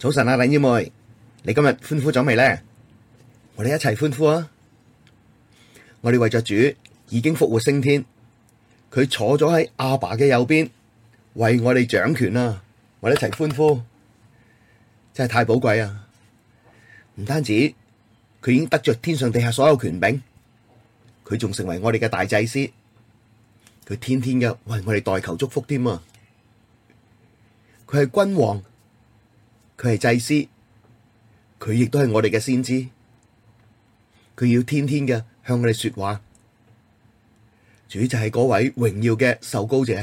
早晨啊，林姐妹，你今日歡呼咗未咧？我哋一齊歡呼啊！我哋為着主已經復活升天，佢坐咗喺阿爸嘅右邊，為我哋掌權啊！我哋一齊歡呼，真係太寶貴啊！唔單止佢已經得着天上地下所有權柄，佢仲成為我哋嘅大祭司，佢天天嘅為我哋代求祝福添啊！佢係君王。佢係祭司，佢亦都係我哋嘅先知，佢要天天嘅向我哋說話。主就係嗰位榮耀嘅受膏者，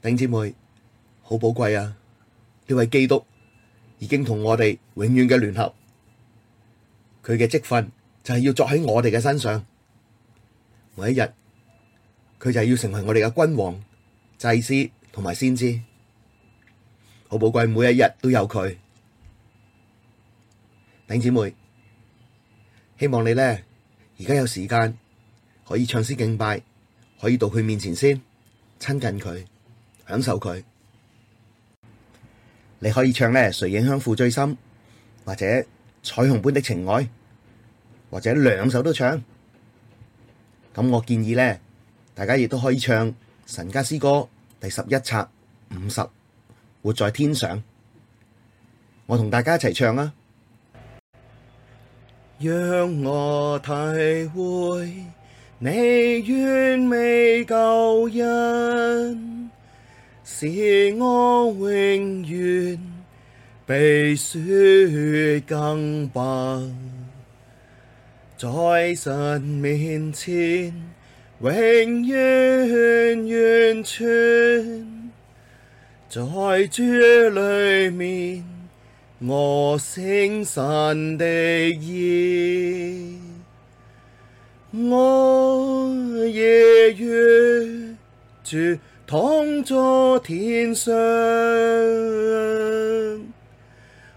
弟兄姊妹，好寶貴啊！呢位基督已經同我哋永遠嘅聯合，佢嘅職分就係要作喺我哋嘅身上，每一日佢就係要成為我哋嘅君王、祭司同埋先知。好寶貴，每一日都有佢，弟兄姊妹，希望你呢而家有時間可以唱詩敬拜，可以到佢面前先親近佢，享受佢。你可以唱呢「誰影響負最深」，或者彩虹般的情愛，或者兩首都唱。咁我建議呢，大家亦都可以唱《神家詩歌》第十二冊五十。活在天上，我同大家一齊唱啊！讓我體會祢完美救恩，使我永遠比雪更白，在神面前永遠完全。在主裡面，我成神的義，我已與主同坐在天上，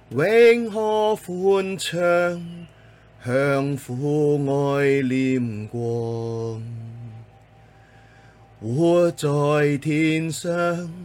永可歡暢享父愛臉光，活在天上。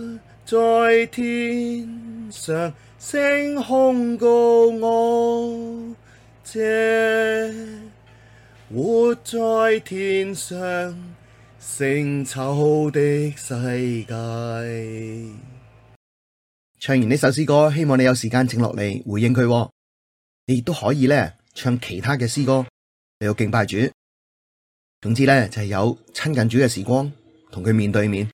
在天上，勝控告惡者，這活在天上，勝仇敵、世界。唱完呢首詩歌，希望你有時間靜落嚟回應佢。你亦都可以咧唱其他嘅詩歌嚟到敬拜主。總之咧就係、是、有親近主嘅時光，同佢面對面。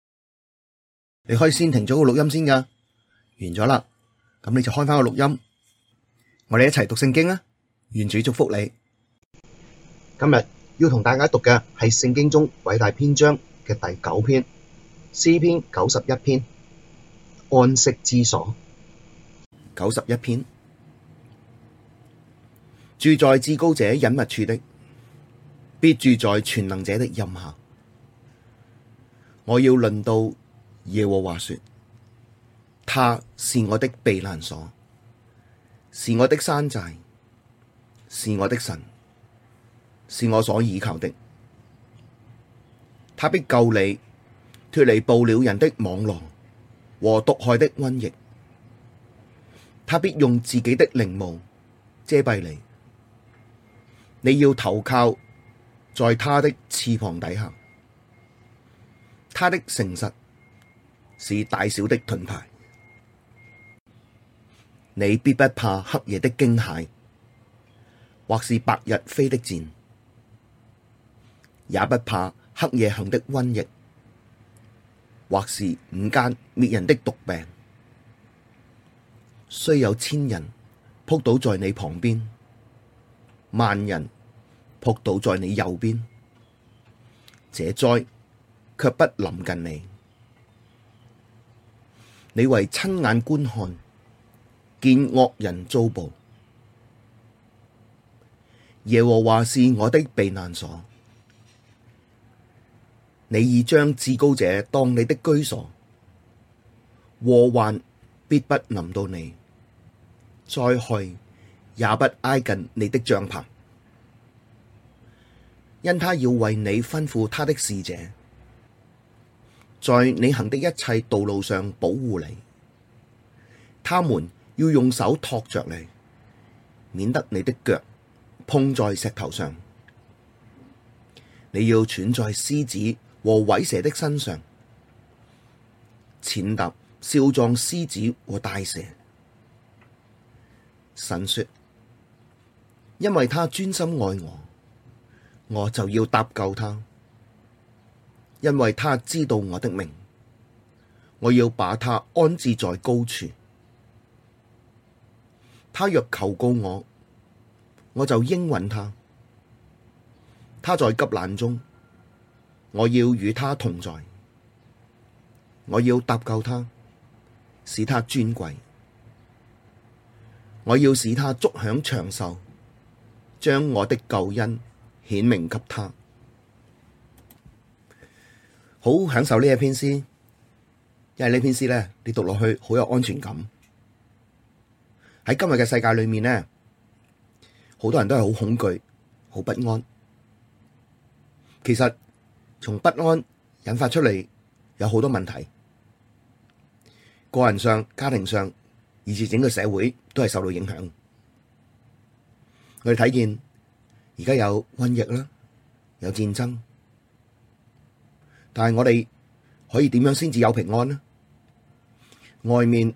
你可以先停咗個錄音先噶，完咗啦，咁你就開翻個錄音，我哋一齊讀聖經啊！願主祝福你。今日要同大家讀嘅係聖經中偉大篇章嘅第九篇詩篇九十一篇，安息之所。九十一篇，住在至高者隱密處的，必住在全能者的蔭下。我要論到。耶和華說：他是我的避難所，是我的山寨，是我的神，是我所倚靠的。他必救你脫離捕鳥人的網羅和毒害的瘟疫。他必用自己的翎毛遮蔽你，你要投靠在他的翅膀底下，他的誠實。是大小的盾牌，你必不怕黑夜的驚駭，或是白日飛的箭，也不怕黑夜行的瘟疫，或是午間滅人的毒病。雖有千人撲倒在你旁邊，萬人撲倒在你右邊，這災卻不臨近你。你惟親眼觀看，見惡人遭報。耶和華是我的避難所，你已將至高者當你的居所，禍患必不臨到你，災害也不挨近你的帳棚。因他要為你吩咐他的使者。在你行的一切道路上保護你，他們要用手托着你，免得你的腳碰在石頭上。你要踹在獅子和虺蛇的身上，踐踏少壯獅子和大蛇。神說：因為他專心愛我，我就要搭救他。因為他知道我的命，我要把他安置在高處。他若求告我，我就應允他。他在急難中，我要與他同在。我要搭救他，使他尊貴。我要使他足享長壽，將我的救恩顯明給他。好享受呢一篇詩，因為呢篇詩咧，你讀落去好有安全感。喺今日嘅世界裏面咧，好多人都係好恐懼、好不安。其實從不安引發出嚟有好多問題，個人上、家庭上，以至整個社會都係受到影響。我哋睇見而家有瘟疫啦，有戰爭。但係我哋可以點樣先至有平安呢？外面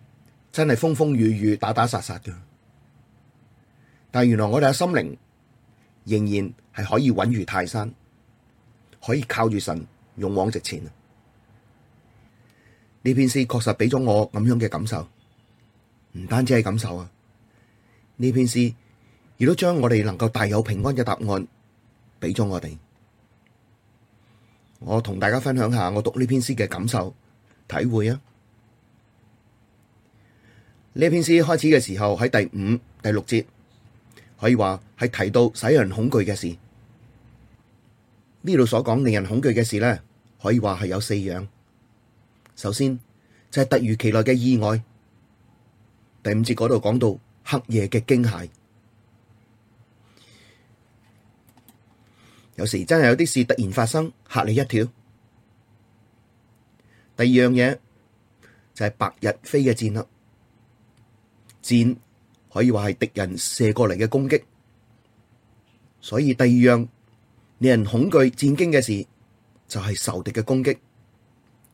真係風風雨雨、打打殺殺嘅，但係原來我哋嘅心靈仍然係可以穩如泰山，可以靠住神勇往直前。呢篇詩確實俾咗我咁樣嘅感受，唔單止係感受啊！呢篇詩亦都將我哋能夠大有平安嘅答案俾咗我哋。我同大家分享下我讀呢篇詩嘅感受體會啊！呢篇詩開始嘅時候喺第五、第六節，可以話係提到使人恐懼嘅事。呢度所講令人恐懼嘅事咧，可以話係有四樣。首先就係、是、突如其來嘅意外。第五節嗰度講到黑夜嘅驚駭。有時真係有啲事突然發生，吓你一跳。第二樣嘢就係、是、白日飛嘅箭啦，箭可以話係敵人射過嚟嘅攻擊。所以第二樣令人恐懼、戰兢嘅事就係仇敵嘅攻擊，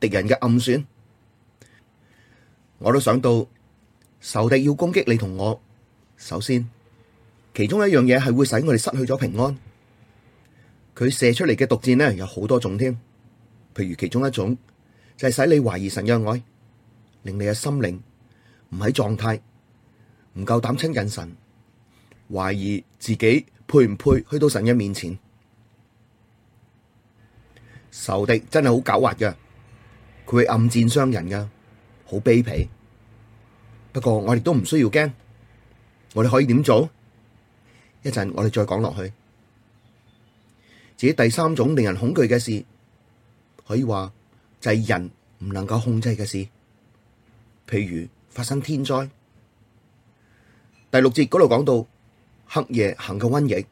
敵人嘅暗算。我都想到仇敵要攻擊你同我，首先其中一樣嘢係會使我哋失去咗平安。佢射出嚟嘅毒箭咧，有好多種添，譬如其中一種就係使你懷疑神嘅愛，令你嘅心靈唔喺狀態，唔夠膽親近神，懷疑自己配唔配去到神嘅面前。仇敵真係好狡猾噶佢會暗箭傷人噶好卑鄙。不過我哋都唔需要驚，我哋可以點做？一陣我哋再講落去。自己第三種令人恐懼嘅事，可以話就係人唔能夠控制嘅事，譬如發生天災。第六節嗰度講到黑夜行嘅瘟疫，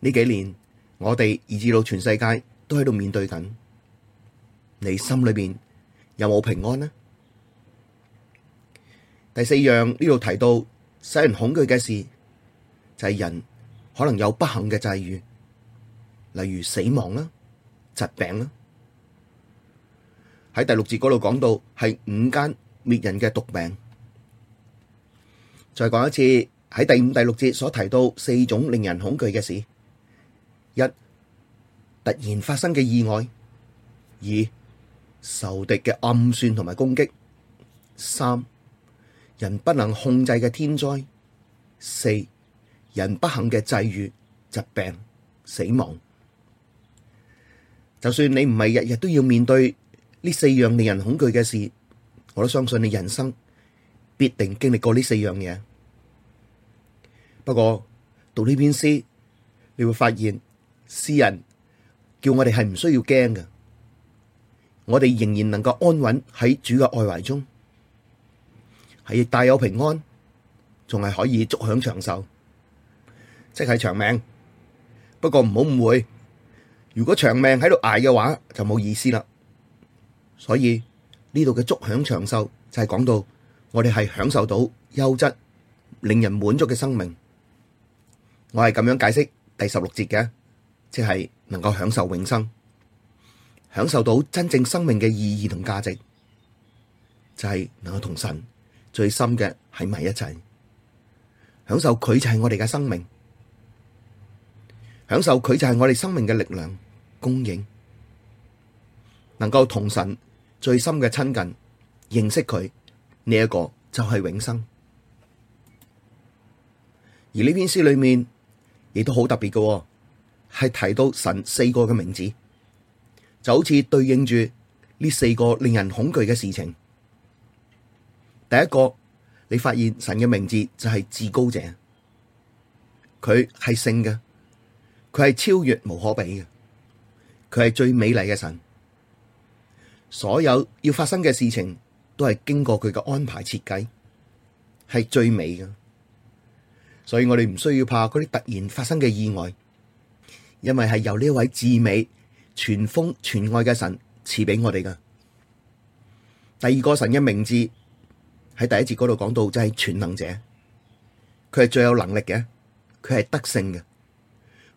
呢幾年我哋以至到全世界都喺度面對緊。你心裏面有冇平安呢？第四樣呢度提到使人恐懼嘅事，就係人可能有不幸嘅際遇。例如死亡啦、疾病啦，喺第六節嗰度講到係午間滅人嘅毒病。再講一次，喺第五、第六節所提到四種令人恐懼嘅事：一、突然發生嘅意外；二、受敵嘅暗算同埋攻擊；三、人不能控制嘅天災；四、人不幸嘅際遇、疾病、死亡。就算你唔係日日都要面對呢四樣令人恐懼嘅事，我都相信你人生必定經歷過呢四樣嘢。不過讀呢篇詩，你會發現詩人叫我哋係唔需要驚嘅，我哋仍然能夠安穩喺主嘅愛懷中，係亦大有平安，仲係可以足享長壽，即係長命。不過唔好誤會。如果長命喺度捱嘅話，就冇意思啦。所以呢度嘅足享長壽就係講到我哋係享受到優質、令人滿足嘅生命。我係咁樣解釋第十六節嘅，即係能夠享受永生，享受到真正生命嘅意義同價值，就係能夠同神最深嘅喺埋一齊，享受佢就係我哋嘅生命，享受佢就係我哋生命嘅力量。供應能夠同神最深嘅親近，認識佢，呢一個就係永生。而呢篇詩裏面亦都好特別嘅，係提到神四個嘅名字，就好似對應住呢四個令人恐懼嘅事情。第一個，你發現神嘅名字就係至高者，佢係聖嘅，佢係超越無可比嘅。佢係最美麗嘅神，所有要發生嘅事情都係經過佢嘅安排設計，係最美噶。所以我哋唔需要怕嗰啲突然發生嘅意外，因為係由呢一位至美、全豐、全愛嘅神賜俾我哋噶。第二個神嘅名字喺第一節嗰度講到，就係全能者。佢係最有能力嘅，佢係得勝嘅，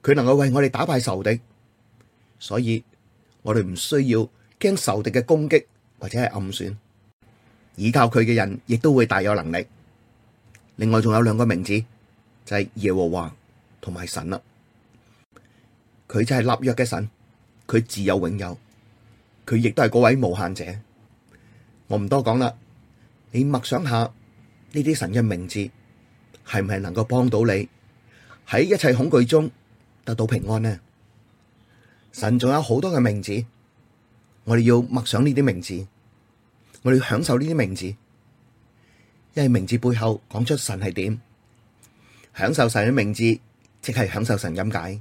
佢能夠為我哋打敗仇敵。所以，我哋唔需要驚仇敵嘅攻擊或者係暗算，依靠佢嘅人亦都會大有能力。另外仲有兩個名字，就係耶和華同埋神啦。佢就係立約嘅神，佢自有永有，佢亦都係嗰位無限者。我唔多講啦，你默想下呢啲神嘅名字，係唔係能夠幫到你喺一切恐懼中得到平安呢？神仲有好多嘅名字，我哋要默想呢啲名字，我哋要享受呢啲名字，因為名字背後講出神係點，享受神嘅名字即係享受神咁解，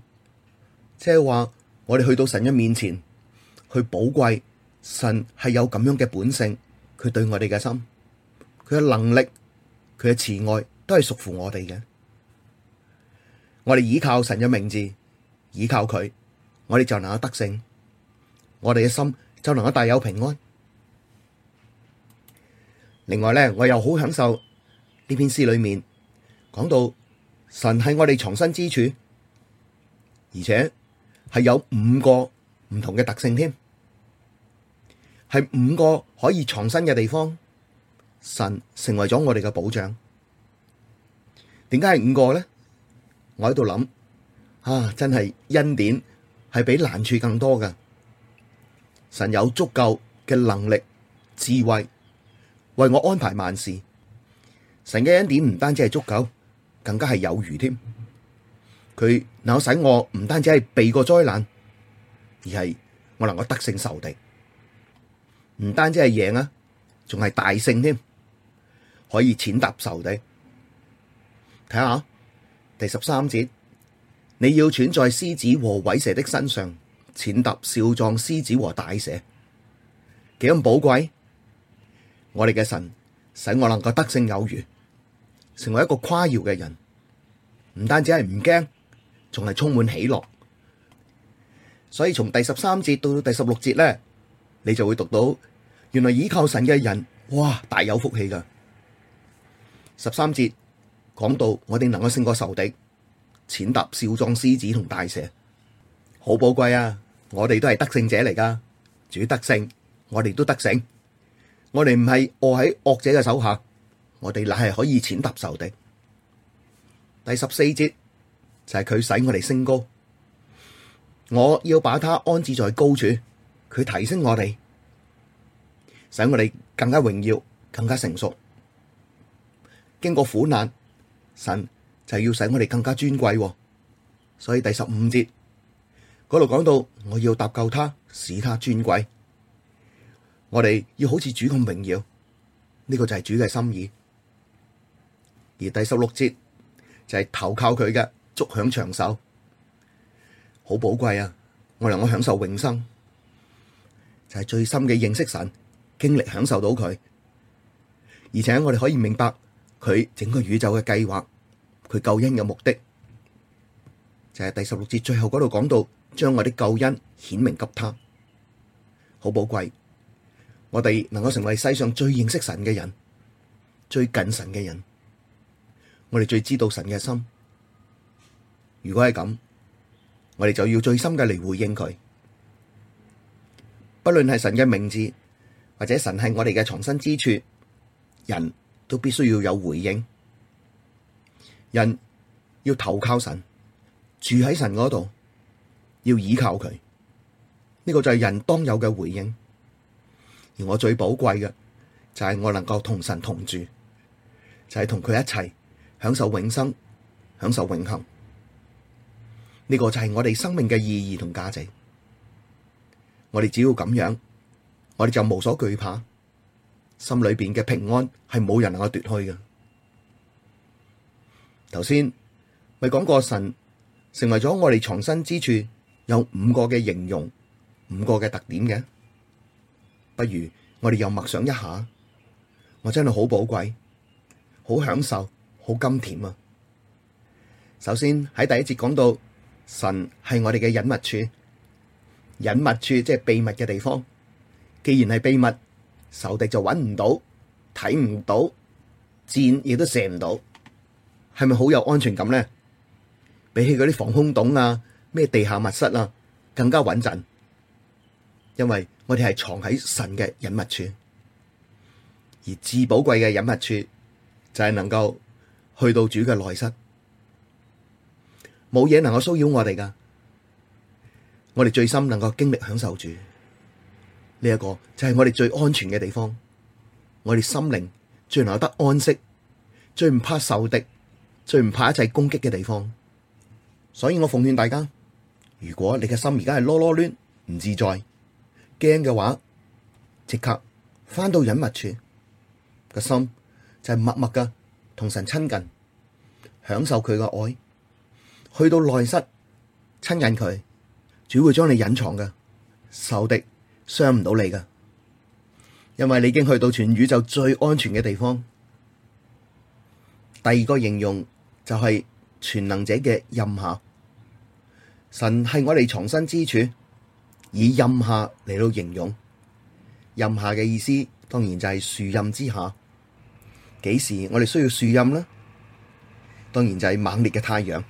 即係話我哋去到神嘅面前去寶貴神係有咁樣嘅本性，佢對我哋嘅心，佢嘅能力，佢嘅慈愛都係屬乎我哋嘅，我哋倚靠神嘅名字，倚靠佢。我哋就能夠得勝，我哋嘅心就能夠大有平安。另外呢，我又好享受呢篇詩裏面講到神係我哋藏身之處，而且係有五個唔同嘅特性添，係五個可以藏身嘅地方，神成為咗我哋嘅保障。點解係五個呢？我喺度諗，啊，真係恩典。係比難處更多嘅，神有足夠嘅能力、智慧為我安排萬事。神嘅恩典唔單止係足夠，更加係有餘添。佢能夠使我唔單止係避過災難，而係我能夠得勝仇敵。唔單止係贏啊，仲係大勝添，可以踐踏仇敵。睇下第十三節。你要踹在獅子和虺蛇的身上，踐踏少壯獅子和大蛇，幾咁寶貴？我哋嘅神使我能夠得勝有餘，成為一個誇耀嘅人，唔單止係唔驚，仲係充滿喜樂。所以從第十三節到第十六節咧，你就會讀到，原來倚靠神嘅人，哇，大有福氣噶。十三節講到我哋能夠勝過仇敵。踐踏少壯獅子同大蛇，好寶貴啊！我哋都係得勝者嚟噶，主得勝，我哋都得勝，我哋唔係臥喺惡者嘅手下，我哋乃係可以踐踏仇敵。第十四節就係佢使我哋升高，我要把他安置在高處，佢提升我哋，使我哋更加榮耀，更加成熟，經過苦難，神。就要使我哋更加尊貴，哦，所以第十五節嗰度講到，我要搭救他，使他尊貴。我哋要好似主咁榮耀，呢、這個就係主嘅心意。而第十六節就係、是、投靠佢嘅，足享長壽，好寶貴啊！我能夠享受永生，就係、是、最深嘅認識神，經歷享受到佢，而且我哋可以明白佢整個宇宙嘅計劃。佢救恩嘅目的，就係第十六節最後嗰度講到，將我啲救恩顯明給他，好寶貴。我哋能夠成為世上最認識神嘅人，最近神嘅人，我哋最知道神嘅心。如果係咁，我哋就要最深嘅嚟回應佢。不論係神嘅名字，或者神係我哋嘅藏身之處，人都必須要有回應。人要投靠神，住喺神嗰度，要倚靠佢。呢個就係人當有嘅回應。而我最寶貴嘅就係我能夠同神同住，就係同佢一齊享受永生，享受永恆。呢個就係我哋生命嘅意義同價值。我哋只要咁樣，我哋就無所懼怕，心裏邊嘅平安係冇人能夠奪去嘅。頭先咪講過神成為咗我哋藏身之處，有五個嘅形容，五個嘅特點嘅。不如我哋又默想一下，我真係好寶貴，好享受，好甘甜啊！首先喺第一節講到神係我哋嘅隱密處，隱密處即係秘密嘅地方。既然係秘密，仇敵就揾唔到，睇唔到，箭亦都射唔到。係咪好有安全感呢？比起嗰啲防空洞啊、咩地下密室啊，更加穩陣。因為我哋係藏喺神嘅隱密處，而至寶貴嘅隱密處就係能夠去到主嘅內室，冇嘢能夠騷擾我哋噶。我哋最深能夠經歷享受主呢一個，就係我哋最安全嘅地方。我哋心靈最能有得安息，最唔怕受敵，最唔怕一切攻擊嘅地方，所以我奉勸大家：如果你嘅心而家係囉囉攣唔自在、驚嘅話，即刻翻到隱密處，個心就係默默嘅同神親近，享受佢嘅愛。去到內室親近佢，主會將你隱藏嘅仇敵傷唔到你嘅，因為你已經去到全宇宙最安全嘅地方。第二個應用。就係全能者嘅蔭下，神係我哋藏身之處，以蔭下嚟到形容蔭下嘅意思，當然就係樹蔭之下。幾時我哋需要樹蔭呢？當然就係猛烈嘅太陽，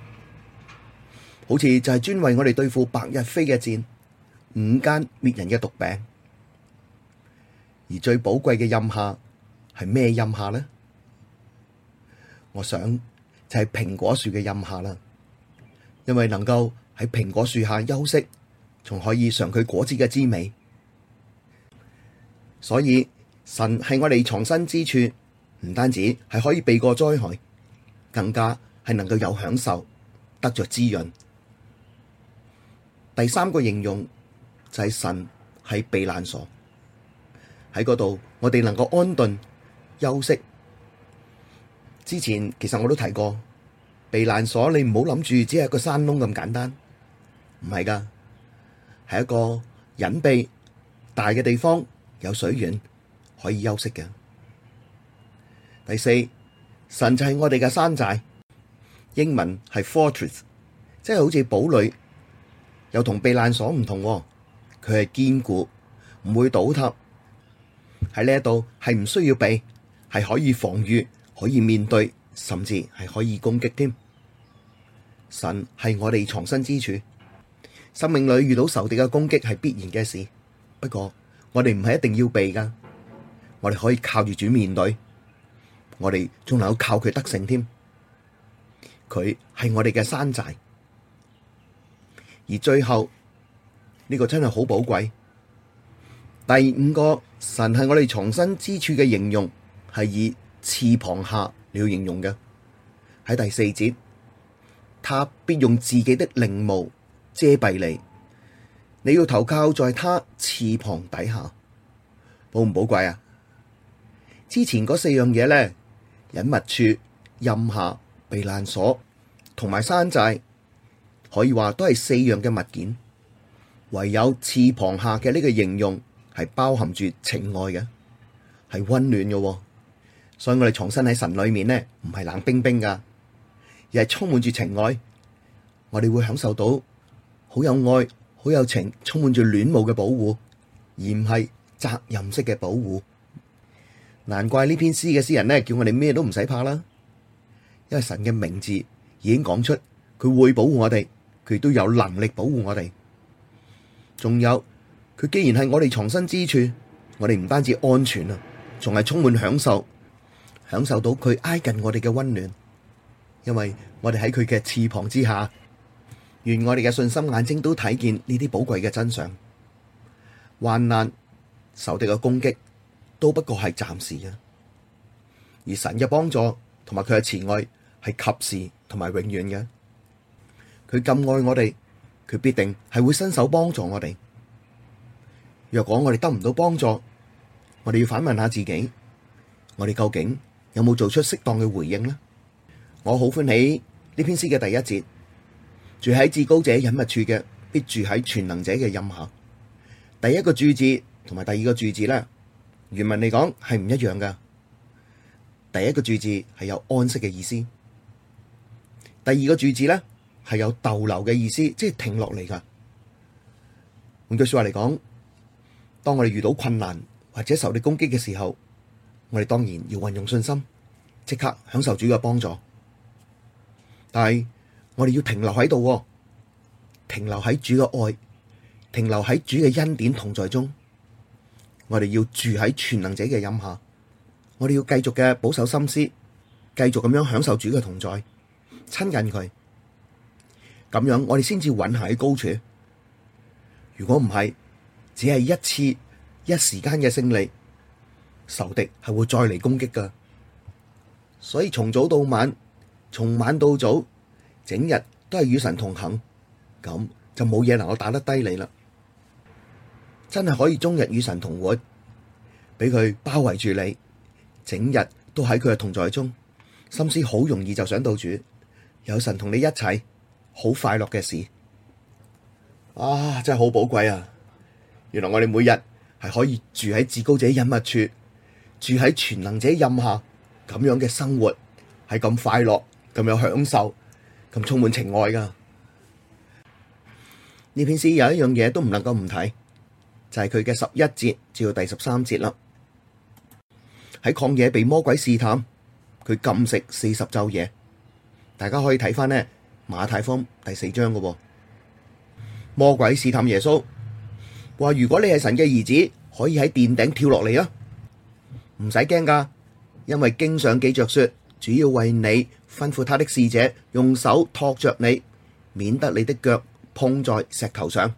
好似就係專為我哋對付白日飛嘅箭、午間滅人嘅毒病。而最寶貴嘅蔭下係咩蔭下呢？我想。就係蘋果樹嘅蔭下啦，因為能夠喺蘋果樹下休息，仲可以嘗佢果子嘅滋味。所以神係我哋藏身之處，唔單止係可以避過災害，更加係能夠有享受，得着滋潤。第三個應用就係神係避難所，喺嗰度我哋能夠安頓休息。之前其實我都提過，避難所你唔好諗住只係個山窿咁簡單，唔係噶，係一個隱蔽大嘅地方，有水源可以休息嘅。第四，神就係我哋嘅山寨，英文係 fortress，即係好似堡壘，又同避難所唔同喎，佢係堅固，唔會倒塌。喺呢一度係唔需要避，係可以防禦。可以面對，甚至係可以攻擊添。神係我哋藏身之處，生命裏遇到仇敵嘅攻擊係必然嘅事。不過我哋唔係一定要避㗎，我哋可以靠住主面對，我哋仲能夠靠佢得勝添。佢係我哋嘅山寨，而最後呢個真係好寶貴。第五個神係我哋藏身之處嘅形容係以。翅膀下你要形容嘅喺第四節，他必用自己的翎毛遮蔽你，你要投靠在他翅膀底下，寶唔寶貴啊？之前嗰四樣嘢咧，隱密處、蔭下、避難所同埋山寨，可以話都係四樣嘅物件，唯有翅膀下嘅呢個形容係包含住情愛嘅，係溫暖嘅、啊。所以我哋藏身喺神裏面呢，唔係冷冰冰噶，而係充滿住情愛。我哋會享受到好有愛、好有情、充滿住戀慕嘅保護，而唔係責任式嘅保護。難怪呢篇詩嘅詩人呢，叫我哋咩都唔使怕啦，因為神嘅名字已經講出，佢會保護我哋，佢都有能力保護我哋。仲有，佢既然係我哋藏身之處，我哋唔單止安全啊，仲係充滿享受。享受到佢挨近我哋嘅溫暖，因為我哋喺佢嘅翅膀之下，願我哋嘅信心眼睛都睇見呢啲寶貴嘅真相。患難、受敵嘅攻擊都不過係暫時嘅，而神嘅幫助同埋佢嘅慈愛係及時同埋永遠嘅。佢咁愛我哋，佢必定係會伸手幫助我哋。若果我哋得唔到幫助，我哋要反問下自己，我哋究竟，有冇做出適當嘅回應呢？我好歡喜呢篇詩嘅第一節，住喺至高者隱密處嘅，必住喺全能者嘅蔭下。第一個住字同埋第二個住字咧，原文嚟講係唔一樣噶。第一個住字係有安息嘅意思，第二個住字咧係有逗留嘅意思，即係停落嚟噶。換句說話嚟講，當我哋遇到困難或者受你攻擊嘅時候，我哋當然要運用信心，即刻享受主嘅幫助。但係我哋要停留喺度，停留喺主嘅愛，停留喺主嘅恩典同在中。我哋要住喺全能者嘅蔭下，我哋要繼續嘅保守心思，繼續咁樣享受主嘅同在，親近佢。咁樣我哋先至穩喺高處。如果唔係，只係一次，一時間嘅勝利。仇敵係會再嚟攻擊噶，所以從早到晚，從晚到早，整日都係與神同行，咁就冇嘢能夠打得低你啦。真係可以終日與神同活，俾佢包圍住你，整日都喺佢嘅同在中，心思好容易就想到主，有神同你一齊，好快樂嘅事啊！真係好寶貴啊！原來我哋每日係可以住喺至高者隱密處。住喺全能者任下咁樣嘅生活係咁快樂、咁有享受、咁充滿情愛噶。呢篇詩有一樣嘢，都唔能夠唔睇，就係佢嘅十一節至到第十三節啦。喺曠野被魔鬼試探，佢禁食四十晝夜。大家可以睇翻，呢馬太福音第四章嘅，魔鬼試探耶穌，話，如果你係神嘅兒子，可以喺殿頂跳落嚟啊！唔使驚噶，因為經上記着說，主要為你吩咐他的使者，用手托着你，免得你的腳碰在石頭上。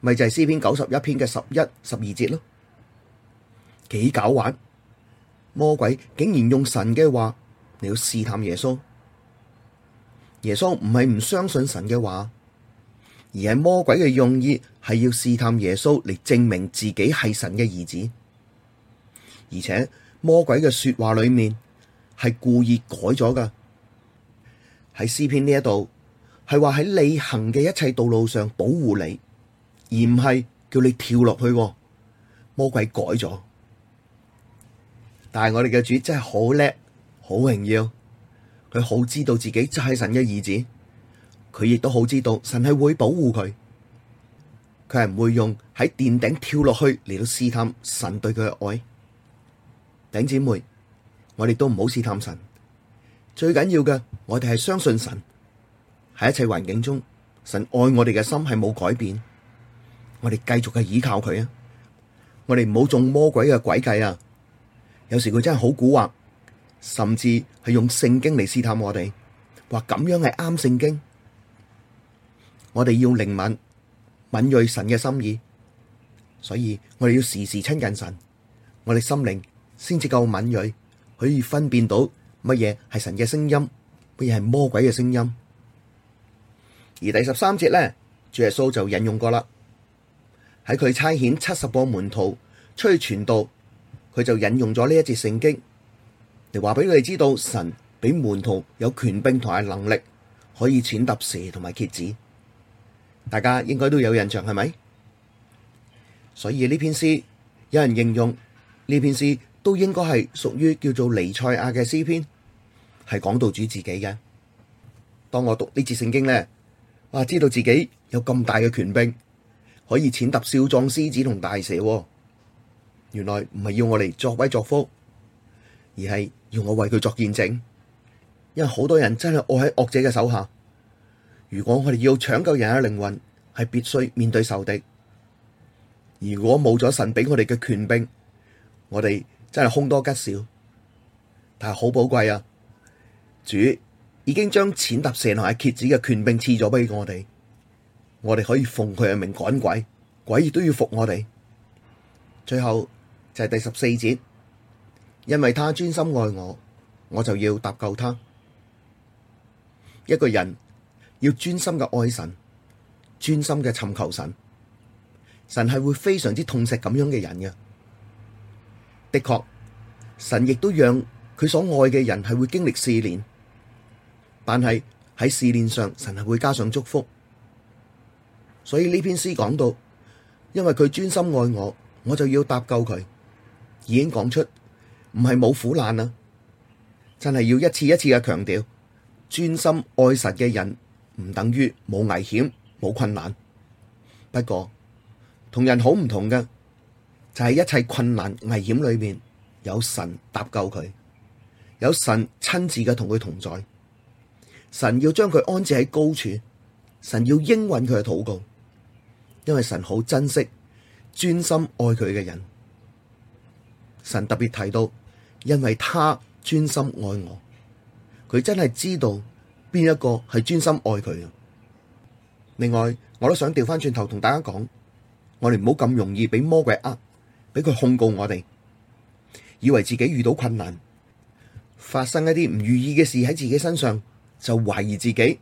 咪就係詩篇九十一篇嘅十一、十二節咯。幾狡猾！魔鬼竟然用神嘅話，你要試探耶穌。耶穌唔係唔相信神嘅話，而係魔鬼嘅用意係要試探耶穌嚟證明自己係神嘅兒子。而且魔鬼嘅說話裏面係故意改咗㗎，喺詩篇呢一度係話，喺你行嘅一切道路上保護你，而唔係叫你跳落去。魔鬼改咗，但係我哋嘅主真係好叻，好榮耀，佢好知道自己就係神嘅兒子，佢亦都好知道神係會保護佢，佢係唔會用喺殿頂跳落去嚟到試探神對佢嘅愛。弟姐妹，我哋都唔好試探神。最緊要嘅，我哋係相信神喺一切環境中，神愛我哋嘅心係冇改變。我哋繼續嘅依靠佢啊！我哋唔好中魔鬼嘅詭計啊！有時佢真係好蠱惑，甚至係用聖經嚟試探我哋，話咁樣係啱聖經。我哋要靈敏敏銳神嘅心意，所以我哋要時時親近神，我哋心靈。先至夠敏銳，可以分辨到乜嘢係神嘅聲音，乜嘢係魔鬼嘅聲音。而第十三節咧，主耶穌就引用過啦，喺佢差遣七十個門徒出去傳道，佢就引用咗呢一節聖經嚟話俾佢哋知道，神俾門徒有權柄同埋能力，可以踐踏蛇同埋蠍子。大家應該都有印象係咪？所以呢篇詩有人形容呢篇詩。都應該係屬於叫做彌賽亞嘅詩篇，係講到主自己嘅。當我讀呢節聖經呢，哇，知道自己有咁大嘅權柄，可以踐踏少壯獅子同大蛇。原來唔係要我嚟作威作福，而係要我為佢作見證。因為好多人真係臥喺惡者嘅手下。如果我哋要搶救人嘅靈魂，係必須面對仇敵。如果冇咗神俾我哋嘅權柄，我哋。真係空多吉少，但係好寶貴啊！主已經將踐踏蛇同蠍子嘅權柄賜咗俾我哋，我哋可以奉佢嘅命趕鬼，鬼亦都要服我哋。最後就係第十四節，因為他專心愛我，我就要搭救他。一個人要專心嘅愛神，專心嘅尋求神，神係會非常之痛惜咁樣嘅人嘅。的確，神亦都讓佢所愛嘅人係會經歷試煉，但係喺試煉上，神係會加上祝福。所以呢篇詩講到，因為佢專心愛我，我就要搭救佢。已經講出，唔係冇苦難啊！真係要一次一次嘅強調，專心愛神嘅人唔等於冇危險、冇困難。不過，同人好唔同嘅。就係一切困難危險裏面，有神搭救佢，有神親自嘅同佢同在。神要將佢安置喺高處，神要應允佢嘅禱告，因為神好珍惜專心愛佢嘅人。神特別提到，因為他專心愛我，佢真係知道邊一個係專心愛佢啊！另外，我都想調翻轉頭同大家講，我哋唔好咁容易俾魔鬼呃。俾佢控告我哋，以為自己遇到困難，發生一啲唔如意嘅事喺自己身上，就懷疑自己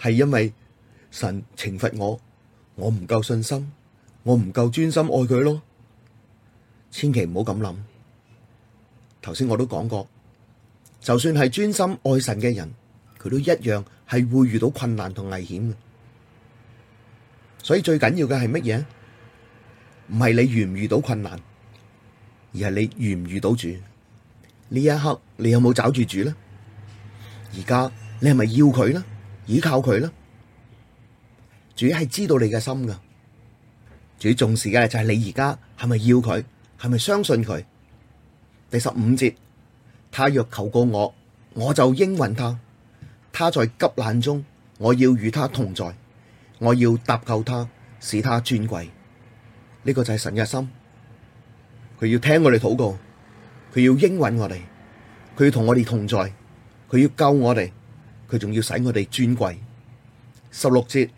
係因為神懲罰我，我唔夠信心，我唔夠專心愛佢咯。千祈唔好咁諗。頭先我都講過，就算係專心愛神嘅人，佢都一樣係會遇到困難同危險嘅。所以最緊要嘅係乜嘢？唔係你遇唔遇到困難，而係你遇唔遇到主。呢一刻你有冇找住主呢？而家你係咪要佢咧？倚靠佢咧？主係知道你嘅心噶。主重視嘅就係你而家係咪要佢？係咪相信佢？第十五節，他若求告我，我就應允他。他在急難中，我要與他同在，我要搭救他，使他尊貴。呢個就係神嘅心，佢要聽我哋禱告，佢要應允我哋，佢要同我哋同在，佢要救我哋，佢仲要使我哋尊貴。十六節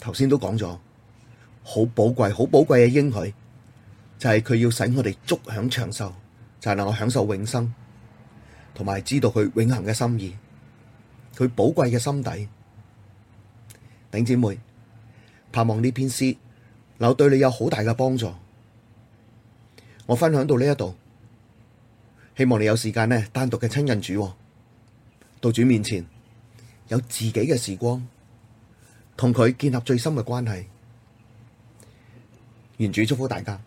頭先都講咗，好寶貴，好寶貴嘅應許，就係、是、佢要使我哋足享長壽，就係、是、能夠享受永生，同埋知道佢永恒嘅心意，佢寶貴嘅心底。頂姐妹盼望呢篇詩。有對你有好大嘅幫助，我分享到呢一度，希望你有時間呢，單獨嘅親近主，到主面前有自己嘅時光，同佢建立最深嘅關係。願主祝福大家。